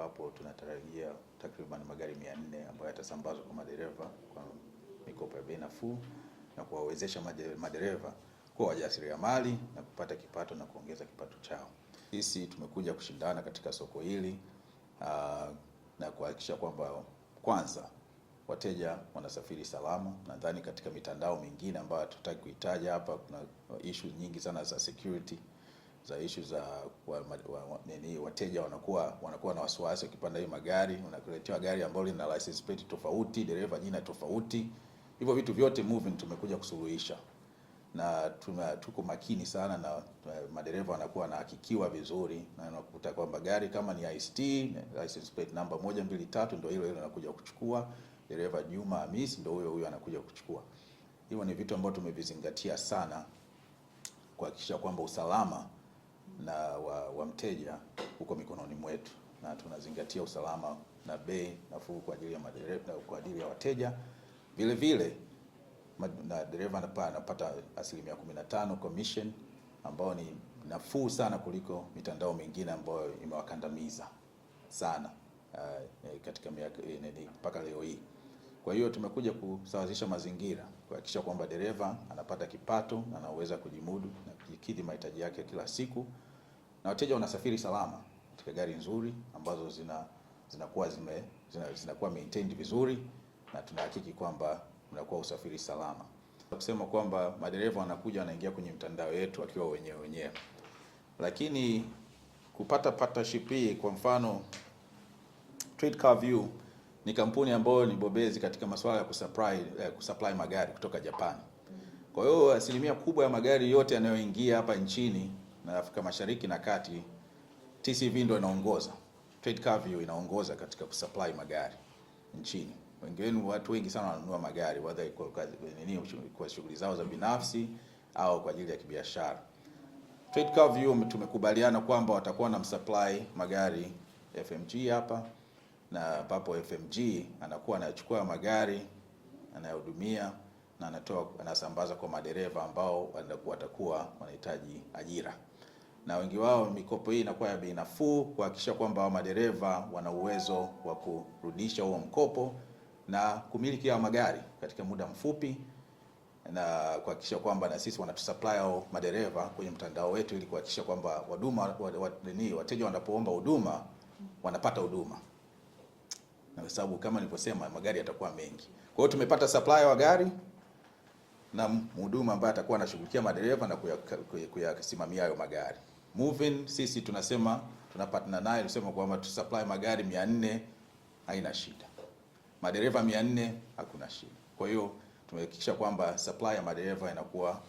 ambapo tunatarajia takriban magari 400 ambayo yatasambazwa kwa madereva kwa mikopo ya bei nafuu na kuwawezesha madereva kuwa wajasiriamali na kupata kipato na kuongeza kipato chao. Sisi tumekuja kushindana katika soko hili aa, ah, na kuhakikisha kwamba kwanza wateja wanasafiri salama. Nadhani katika mitandao mingine ambayo hatutaki kuitaja hapa, kuna issue nyingi sana za security za issue za wa, wa, wa, nini, wateja wanakuwa wanakuwa na wasiwasi ukipanda hiyo magari, unakuletewa gari ambalo lina license plate tofauti, dereva jina tofauti. Hivyo vitu vyote moving tumekuja kusuluhisha na tuma, tuko makini sana na madereva wanakuwa wanahakikiwa vizuri na unakuta kwamba gari kama ni IST license plate namba moja mbili tatu ndio hilo hilo anakuja kuchukua dereva Juma Hamisi ndio huyo huyo anakuja kuchukua. Hivyo ni vitu ambavyo tumevizingatia sana kuhakikisha kwamba usalama na wa, wa mteja huko mikononi mwetu, na tunazingatia usalama na bei nafuu kwa ajili ya madereva, kwa ajili ya wateja vile vile na dereva anapata asilimia 15 commission ambayo ni nafuu sana kuliko mitandao mingine ambayo imewakandamiza sana uh, katika miaka eh, mpaka leo hii. Kwa hiyo tumekuja kusawazisha mazingira kuhakikisha kwamba dereva anapata kipato, anaweza kujimudu na kukidhi mahitaji yake kila siku na wateja wanasafiri salama katika gari nzuri ambazo zina zinakuwa zime zinakuwa maintained vizuri, na tunahakiki kwamba unakuwa usafiri salama. Kusema kwamba madereva wanakuja wanaingia kwenye mtandao yetu wakiwa wenyewe wenyewe, lakini kupata partnership hii, kwa mfano Trade Car View ni kampuni ambayo ni bobezi katika masuala ya kusupply, eh, kusupply magari kutoka Japan. Kwa hiyo asilimia kubwa ya magari yote yanayoingia hapa nchini na Afrika Mashariki na Kati, TCV ndio inaongoza, TradeCarview inaongoza katika kusupply magari nchini. Wengi wenu, watu wengi sana wanunua magari whether kwa shughuli zao za binafsi au kwa ajili ya kibiashara. TradeCarview tumekubaliana kwamba watakuwa na msupply magari FMG hapa na papo FMG anakuwa anachukua magari anayohudumia na anatoa anasambaza kwa madereva ambao watakuwa wanahitaji ajira na wengi wao mikopo hii inakuwa ya bei nafuu, kuhakikisha kwamba wa madereva wana uwezo wa kurudisha huo mkopo na kumiliki hao magari katika muda mfupi, na kuhakikisha kwamba na sisi wanatusupply hao madereva kwenye mtandao wetu, ili kuhakikisha kwamba waduma wadeni wateja wanapoomba huduma wanapata huduma, na kwa sababu kama nilivyosema magari yatakuwa mengi. Kwa hiyo tumepata supply wa gari na mhudumu ambaye atakuwa anashughulikia madereva na kuyasimamia hayo magari. Moving sisi tunasema tunapatana naye tunasema kwamba tu supply magari 400 haina shida, madereva 400 hakuna shida. Kwa hiyo tumehakikisha kwamba supply ya madereva inakuwa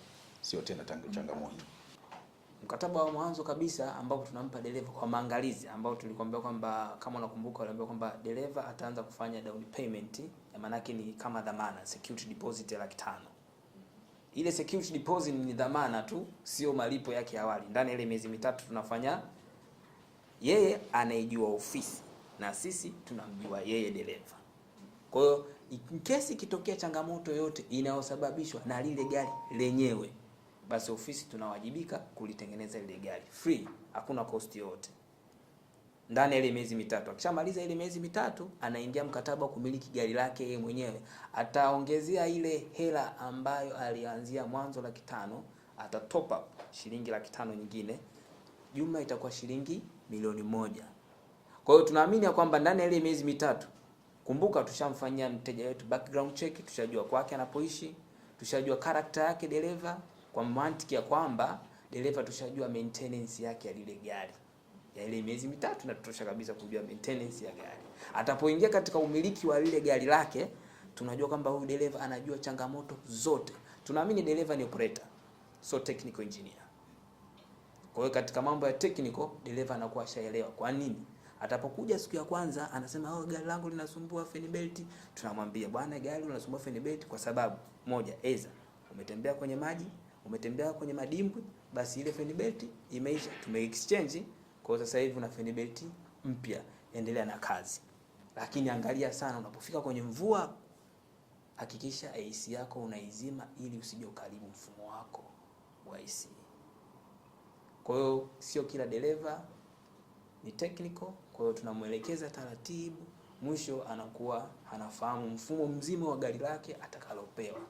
sio tena tangu changamoto. Mkataba wa mwanzo kabisa ambao tunampa dereva kwa maangalizi, ambao tulikwambia kwamba kama unakumbuka, waliambia kwamba dereva ataanza kufanya down payment, maana yake ni kama dhamana security deposit ya laki tano. Ile security deposit ni dhamana tu, sio malipo yake awali. Ndani ya ile miezi mitatu tunafanya, yeye anaijua ofisi na sisi tunamjua yeye dereva. Kwa hiyo in case ikitokea changamoto yoyote inayosababishwa na lile gari lenyewe, basi ofisi tunawajibika kulitengeneza lile gari free, hakuna cost yoyote ndani ya ile miezi mitatu. Akishamaliza ile miezi mitatu, anaingia mkataba wa kumiliki gari lake yeye mwenyewe. Ataongezea ile hela ambayo alianzia mwanzo laki tano, ata top up shilingi laki tano nyingine, jumla itakuwa shilingi milioni moja. Kwa hiyo tunaamini ya kwamba ndani ya ile miezi mitatu, kumbuka, tushamfanyia mteja wetu background check, tushajua kwake anapoishi, tushajua character yake dereva, kwa mantiki ya kwamba dereva tushajua maintenance yake ya lile gari ya ile miezi mitatu inatutosha kabisa kujua maintenance ya gari. Atapoingia katika umiliki wa lile gari lake, tunajua kwamba huyu dereva anajua changamoto zote. Tunaamini dereva ni operator, so technical engineer. Kwa hiyo katika mambo ya technical dereva anakuwa ashaelewa. Kwa nini? Atapokuja siku ya kwanza anasema oh, gari langu linasumbua fan belt, tunamwambia bwana, gari linasumbua fan belt kwa sababu moja, eza umetembea kwenye maji, umetembea kwenye madimbwi, basi ile fan belt imeisha, tume exchange kwa sasa hivi una Fenibet mpya, endelea na kazi, lakini angalia sana unapofika kwenye mvua, hakikisha AC yako unaizima ili usije ukaribu mfumo wako wa AC. Kwa hiyo sio kila dereva ni technical, kwa hiyo tunamwelekeza taratibu, mwisho anakuwa anafahamu mfumo mzima wa gari lake atakalopewa.